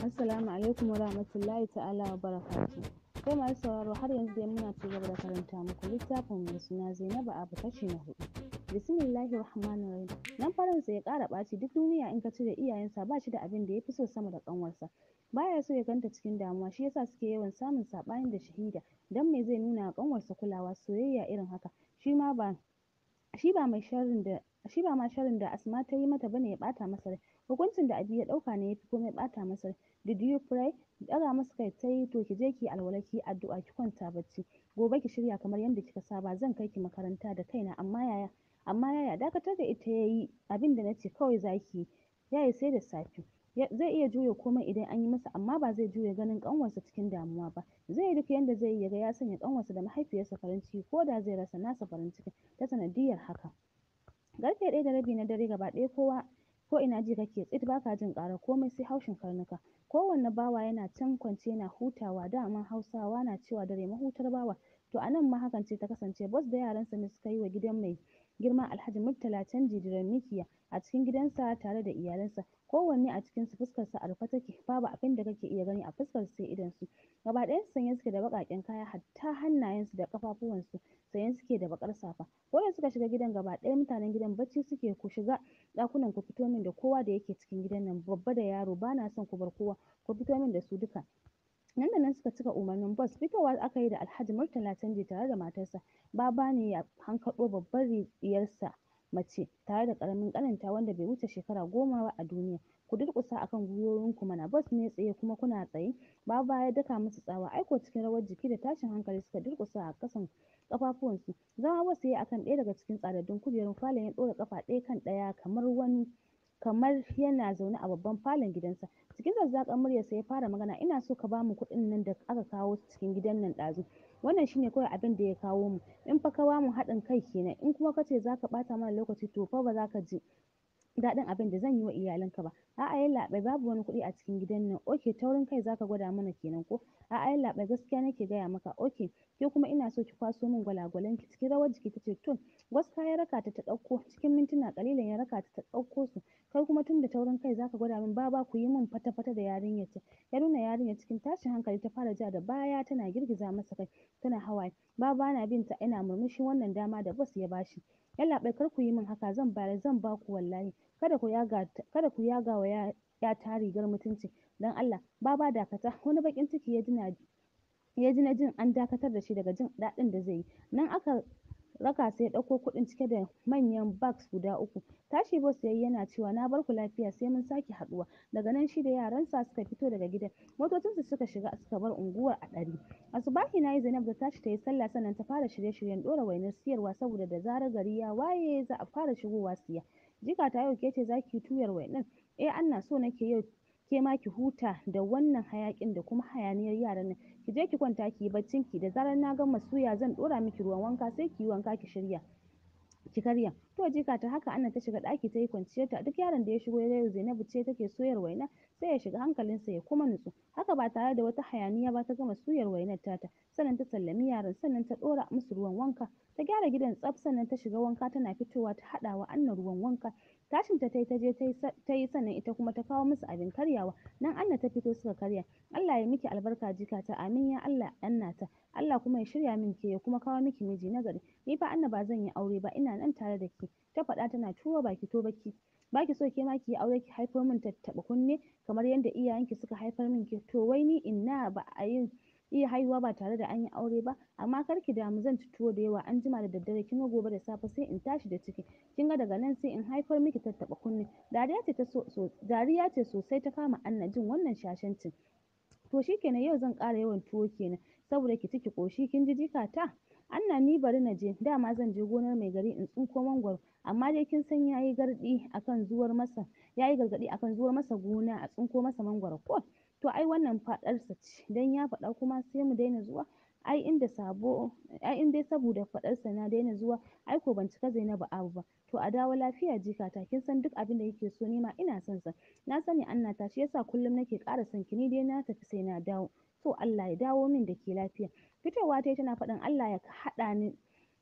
Assalamu alaikum wa rahmatullahi ta'ala wa barakatu. Kai masu sauraro har yanzu dai muna ci gaba da karanta muku littafin mai suna Zainabu Abu kashi na hudu. Bismillahi rahmanu rahim. Nan farin sa ya ƙara ɓaci duk duniya in ka cire iyayensa ba shi da abin da ya fi so sama da ƙanwarsa. Baya so ya ganta cikin damuwa shi yasa suke yawan samun saɓani da shahida don me zai nuna wa ƙanwarsa kulawa soyayya irin haka shi ma ba shi ba mai sharrin da shi ba ma sharrin da Asma ta yi mata bane ya ɓata masa rai. Hukuncin da Abi ya ɗauka ne ya fi komai ɓata masa rai. Did you pray? Ɗaga masa kai ta yi to ki je ki yi alwala ki yi addu'a ki kwanta bacci. Gobe ki shirya kamar yadda kika saba zan kai ki makaranta da kaina amma yaya amma yaya dakatar da ita yayi abin da ce kawai zaki yi. Yayi sai da safe. Zai iya juya komai idan an yi masa amma ba zai juya ganin kanwarsa cikin damuwa ba. Zai yi duk yadda zai yi ya ga ya sanya kanwarsa da mahaifiyarsa farin ciki ko da zai rasa nasa farin cikin ta sanadiyyar haka. garfe ɗaya da rabi na dare gaba ɗaya kowa ko ina ji kake tsit baka jin ƙara komai sai haushin karnuka. Kowanne bawa yana can kwance yana hutawa daman Hausawa na cewa dare mahutar bawa. To a nan ma hakan ce ta kasance Bos da yaransa ne suka yi wa gidan mai girma Alhaji Murtala canji diren mikiya a cikin gidansa tare da iyalansa. Kowanne a cikin su fuskarsa a rufe take babu abin da kake iya gani a fuskar sai su Gaba ɗayansu sanye suke da baƙaƙen kaya hatta hannayensu da ƙafafuwansu sayen suke da bakar safa ko da suka shiga gidan gaba ɗaya mutanen gidan bacci suke ku shiga ɗakunan ku fito min da kowa da yake cikin gidan nan babba da yaro bana son ku bar kowa ku fito min da su duka nan da nan suka cika umarnin bas fitowa aka yi da alhaji murtala canji tare da matarsa baba ne ya hankaɗo babbar diyarsa mace tare da ƙaramin ƙaninta wanda bai wuce shekara goma ba a duniya ku durƙusa akan ku mana bas ne tsaye kuma kuna tsaye baba ya daka musu tsawa aiko cikin rawar jiki da tashin hankali suka durkusa a ƙasan kafafuwansu zama bos yayi akan ɗaya daga cikin tsadaddun kujerun falon ya ɗora kafa ɗaya kan ɗaya kamar wani kamar yana zaune a babban falon gidansa. Cikin murya muryarsa ya fara magana, "Ina so ka bamu kuɗin nan da aka kawo cikin gidan nan ɗazu. Wannan shine kawai abin da ya kawo mu. In fa ka ba mu haɗin kai kenan, in kuma ka ce za ka ɓata mana lokaci to fa ba za ka ji daɗin abin da zan yi wa iyalanka ba. A'a yallaɓai babu wani kuɗi a cikin gidan nan. ta taurin kai za ka gwada mana kenan ko? A'a yallaɓai gaskiya nake gaya maka. oke ke kuma ina so ki kwaso min ki Cikin rawar jiki ta ce, "To." Gwaska ya raka ta ta ɗauko cikin mintuna ƙalilan ya raka ta ta ɗauko su. kai kuma tun da taurin kai zaka gwada min baba ku yi min fata-fata da yarinyar ta. ya nuna yarinyar cikin tashin hankali ta fara ja da baya tana girgiza masa kai tana hawaye baba na bin ta, yana murmushi wannan dama da bas ya bashi yallaɓai kar ku yi min haka zan bayar zan ba ku wallahi kada ku yaga kada ku yaga wa ya ta rigar mutunci dan Allah baba dakata wani bakin ciki ya ji na ya ji jin an dakatar da shi daga jin daɗin da zai yi nan aka raka sai ya ɗauko kuɗin cike da manyan bags guda uku tashi boss yayi yana cewa na bar ku lafiya sai mun sake haɗuwa daga nan shi da yaransa suka fito daga gidan motocin motocinsu suka shiga suka bar unguwar a ɗari asubahi na yi zainab da tashi ta yi sallah sannan ta fara shirye-shiryen ɗora wainar siyarwa saboda da zarar gari ya waye za a fara shigowa siya jika ta yau ke ce za ki tuyar wainar eh ana so nake yau ke ma ki huta da wannan hayaƙin da kuma hayaniyar yaran nan ki je ki kwanta ki yi baccin ki da zarar na gama suya zan ɗora miki ruwan wanka sai ki yi wanka ki shirya ki karya to jika ta haka Anna ta shiga ɗaki ta yi kwanciyar ta duk yaron da ya shigo yau Zainabu ce take soyar waina sai ya shiga hankalin sa ya kuma nutsu haka ba tare da wata hayaniya ba ta gama suyar wainar tata sannan ta sallami yaran sannan ta ɗora musu ruwan wanka ta gyara gidan tsaf sannan ta shiga wanka tana fitowa ta haɗawa annan ruwan wanka tashin ta je ta yi sannan ita kuma ta kawo musu abin karyawa nan Allah ta fito suka karya Allah ya miki albarka jika ta, amin ya Allah Anna ta Allah kuma ya shirya min ke ya kuma kawo miki miji na gari ni fa Anna ba zan yi aure ba ina nan tare da ki ta faɗa tana tuwo baki to baki baki so ke ma ki aure ki haifar min tattaɓa kunne kamar yadda iyayenki suka haifar min ki to wai ni inna ba a yin iya haihuwa ba tare da an yi aure ba amma kar ki damu zan ci tuwo da yawa anjima da daddare kin gobe da safe sai in tashi da ciki kin ga daga nan sai in haifar miki tattaba kunne dariya ce so dariya ce sosai ta kama Anna jin wannan shashancin to shikenan yau zan ƙara yawan tuwo kenan saboda ki ciki koshi kin ji jikata Anna ni bari na je dama zan je gonar mai gari in tsinko mangwaro amma dai kin san yayi gardi akan zuwar masa yayi gargadi akan zuwar masa gona a tsinko masa mangwaro ko to ai wannan faɗarsa ce dan ya faɗa kuma sai mu daina zuwa ai inda sabo ai in dai saboda faɗarsa na daina zuwa ai ko ban cika Zainabu abu ba to a dawo lafiya jikata kin san duk abin da yake so ni ina son sa na sani Anna ta shi yasa kullum nake ƙara son ki ni dai na tafi sai na dawo to Allah ya dawo min da ke lafiya fitowa ta tana faɗin Allah ya haɗa ni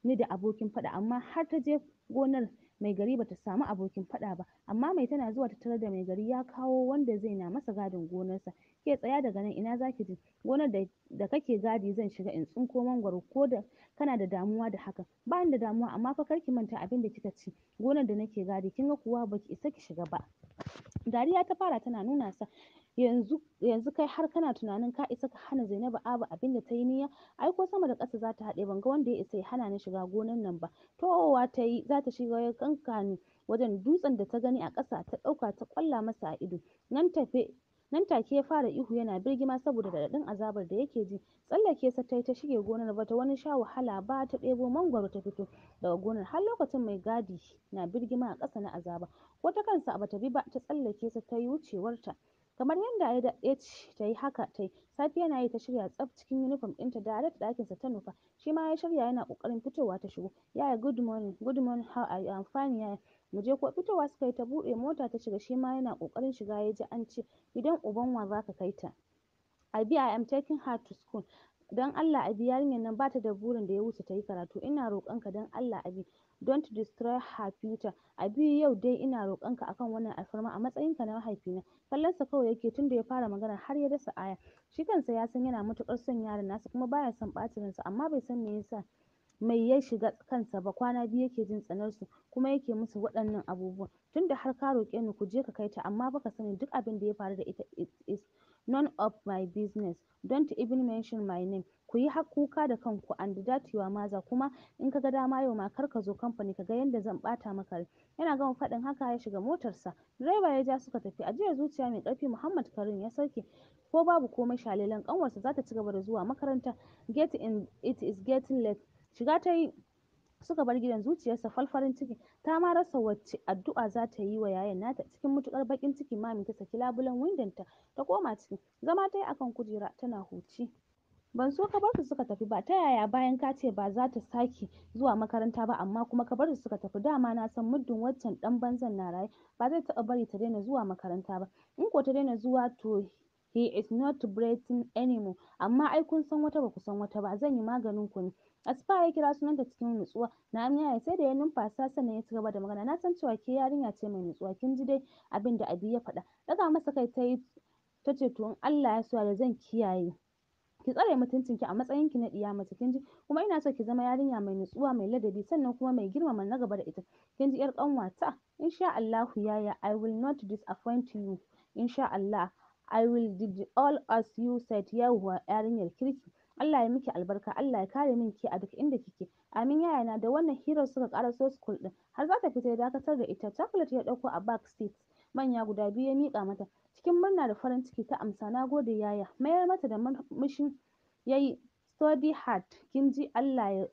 ni da abokin faɗa amma har ta je gonar mai gari bata samu abokin faɗa ba amma mai tana zuwa ta da mai gari ya kawo wanda zai na masa gadin gonarsa Ke tsaya daga nan ina zaki je? Gonar da, da kake gadi zan shiga in tsinko mangwaro ko da kana da damuwa da hakan. Ba ni da damuwa amma fa kar ki manta abin da kika ci. Gonar da nake gadi kin ga kuwa baki ki isa ki shiga ba. Dariya ta fara tana nuna sa yanzu, yanzu kai har kana tunanin ka isa ka hana Zainabu Aba abin da ta yi niyya? Ai ko sama da ƙasa za ta haɗe ban ga wanda ya isa ya hana ni shiga gonar nan ba. Towowa ta yi za ta shiga ya kankani wajen dutsen da ta gani a ƙasa ta ɗauka ta ƙwalla masa a ido. Nan tafe Nan take ya fara ihu yana birgima saboda raɗaɗin azabar da yake ji. Tsallake sa ta ta shige gonar bata wani sha wahala ba ta ɗebo mangwaro ta fito daga gonar har lokacin mai gadi na birgima a ƙasa na azaba. Ko ta kansa bata bi ba ta tsallake sa ta yi wucewarta. Kamar yadda ya ce ta yi haka ta yi, safiya na yi ta shirya tsaf cikin yunifom ɗinta direct dakinsa ta nufa. Shi ma ya shirya yana ƙoƙarin fitowa ta shigo. Yaya good morning, good morning how are you, I'm fine yaya. Mu je kuwa fitowa suka yi ta buɗe mota ta shiga shi ma yana ƙoƙarin shiga ya ji an ce idan uban wa za ka kai ta. Abi I am taking her to school. don Allah Abi yarinyar nan bata da burin da ya wuce ta yi karatu ina roƙonka don Allah Abi don't destroy her future Abi yau dai ina roƙonka akan wannan alfarma a matsayinka na mahaifina kallonsa kawai yake tunda ya fara magana har ya dasa aya shi kansa ya san yana matuƙar son yaron nasa kuma baya son ɓacin ransa amma bai san me yasa mai ya shiga kansa ba kwana biyu yake jin tsanar su kuma yake musu waɗannan abubuwan tunda har ka roƙe ni ku je ka kai ta amma baka sani duk abin da ya faru da ita is none of my business, don't even mention my name. Ku yi kuka da kanku and that your kuma in ka ga dama yau ma kar ka zo kamfani ka ga yadda zan bata maka rai. Yana gama faɗin haka ya shiga motarsa. Direba ya ja suka tafi. Ajiyar zuciya mai ƙarfi Muhammad Karim ya sauke. Ko babu komai shalilan kanwarsa za ta ci gaba da zuwa makaranta. Get in it is getting late. Shiga ta yi suka bar gidan zuciyarsa falfarin ciki ta ma rasa wacce addu'a za ta yi wa yayan nata cikin mutukar bakin ciki mami ta saki labulen windon ta ta koma ciki zama ta yi akan kujera tana huci ban so ka bar su suka tafi ba ta yaya bayan ka ce ba za ta sake zuwa makaranta ba amma kuma ka bar su suka tafi dama na san muddin waccan dan banzan na raye ba zai taba bari ta daina zuwa makaranta ba in ko ta daina zuwa to he is not breathing anymore amma ai kun san wata ba ku san wata ba zan yi maganin ku ne asfa ya kira sunanta cikin nutsuwa na ya sai da ya numfasa sannan ya ci gaba da magana na san cewa ke yarinya ce mai nutsuwa kin ji dai abin da abi ya faɗa daga masa kai ta yi ta ce to in Allah ya so da zan kiyaye ki tsare mutuncin ki a matsayin ki na ɗiya mace kin ji kuma ina so ki zama yarinya mai nutsuwa mai ladabi sannan kuma mai girmama na gaba da ita kin ji yar kanwata insha Allahu yaya I will not disappoint you insha Allah I will did all as you said yawwa yarinyar kirki Allah ya miki albarka Allah ya kare min ki a duk inda kike amin yayana da wannan hirar suka so school din har za ta fita ya dakatar da ita chocolate ya dauko a back seat manya guda biyu ya mika mata cikin murna da farin ciki ta amsa na gode yaya mayar mata da mushin yayi study hard kin ji Allah ya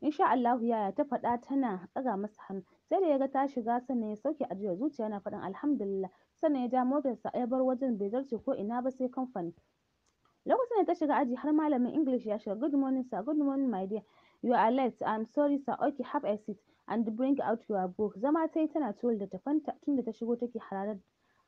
insha Allah yaya ta faɗa tana ɗaga masa hannu sai da ya ga ta shiga sannan ya sauke ajiyar zuciya yana faɗin alhamdulillah sannan ya ja motarsa ya bar wajen bai zarce ko ina ba sai kamfani lokacin da ta shiga aji har malamin english ya shiga good morning sir good morning my dear you are late i'm sorry sir okay have a seat and bring out your book zama ta yi tana tuwal da ta tun tunda ta shigo take hararar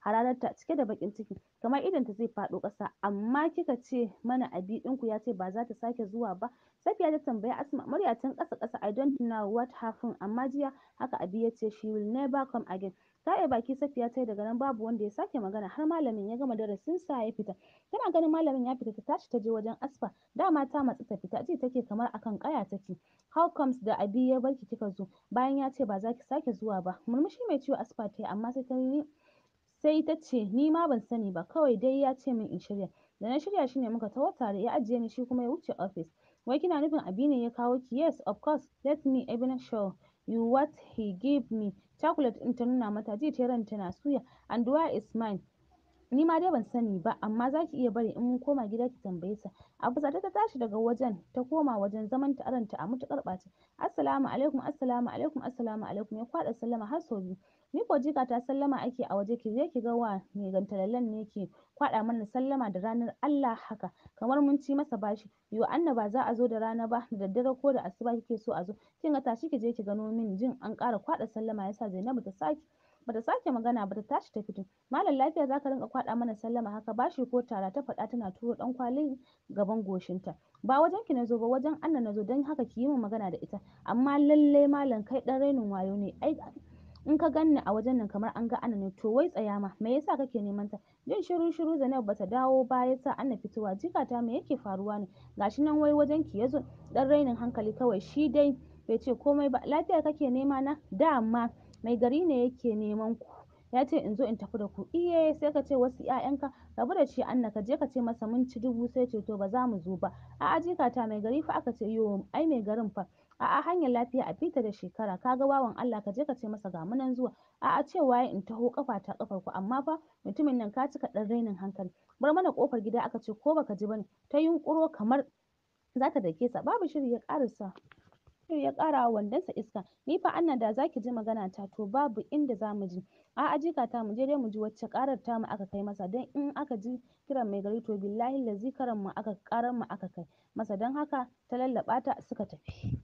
hararta cike da bakin ciki kamar ta zai faɗo ƙasa amma kika ce mana abi ɗinku ya ce ba za ta sake zuwa ba Safiya ta tambayi Asma murya tun ƙasa-ƙasa "I don't know what happened amma jiya haka Abi ya ce she will never come again." yi baki Safiya ta yi daga nan babu wanda ya sake magana har malamin ya gama sa ya fita. Tana ganin malamin ya fita ta tashi ta je wajen Asfa dama ta matsu ta fita ji take kamar akan ƙaya take. How comes da Abi ya barki kika zo bayan ya ce ba za ki sake zuwa ba. Murmushi mai ciwo Asfa ta yi amma sai ta yi sai ta ce ni ma ban sani ba kawai dai ya ce min in shirya. Da na shirya shi ne muka taho tare ya ajiye ni shi kuma ya wuce ofis. Wai kina nufin Abi ya kawo ki? Yes, of course. Let me even show you what he give me. Chocolate ɗin ta nuna mata. Ji ta ranta na suya. And why is mine? Ni ma dai ban sani ba amma za ki iya bari in mun koma gida ki tambaye sa A ta ta tashi daga wajen ta koma wajen zaman ta aranta a mutukar ɓaci. Assalamu alaikum assalamu alaikum assalamu alaikum ya kwaɗa sallama har sau biyu. Ni ko jika ta sallama ake a waje ki je ki ga wa mai gantalallen ne ke kwaɗa mana sallama da ranar Allah haka kamar mun ci masa bashi. Yo Anna ba za a zo da rana ba da daddare ko da asuba kike so a zo. Kin ga tashi ki je ki gano min jin an ƙara kwaɗa sallama yasa Zainabu ta sake bata sake magana ba ta tashi ta fito malam lafiya zaka rinka kwada mana sallama haka bashi ko tara ta fada tana turo dan kwalin gaban goshinta ba wajen ki nazo ba wajen anana nazo dan haka ki yi min magana da ita amma lalle malam kai dan rainin wayo ne ai in ka ganni a wajen nan kamar an ga Anna ne to wai tsaya ma me yasa kake neman ta jin shiru shiru Zainab bata dawo ba yasa Anna fitowa jikata me yake faruwa ne gashi nan wai wajen ki yazo dan rainin hankali kawai shi dai bai ce komai ba lafiya kake nema na da amma mai gari ne yake neman ku ya ce in zo in tafi da ku iye sai ka ce wasu ƴaƴanka rabu da shi anna ka je ka ce masa mun ci dubu sai ce to ba za mu zo ba a'a jikata mai gari fa aka ce yo ai mai garin fa a'a hanyar lafiya a bita da shekara kaga bawan Allah ka je ka ce masa ga mu nan zuwa a'a ce cewa in taho kafa ta kafar ku amma fa mutumin nan ka cika ɗan rainin hankali bar mana kofar gida aka ce ko baka ji bane ta yunkuro kamar za ta dake sa babu shiri ya ƙarasa. Nafi'u ya ƙara wa wandonsa iska. Ni fa Anna da zaki ji magana ta to babu inda za mu a A'a jikata mu je dai mu ji wacce ƙarar tamu aka kai masa don in aka ji kiran mai gari to billahi lazikaran mu aka ƙarar mu aka kai masa don haka ta lallaɓa ta suka tafi.